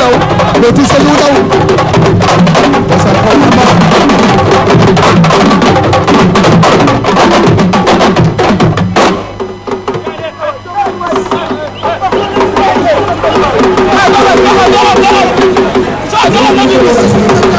ndaw Petit Seliou ndaw ndeysaan xool na ma Thank you.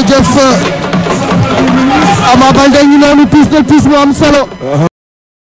jërëjëf Ama Baldé ñu noonu piis na piis mu am solo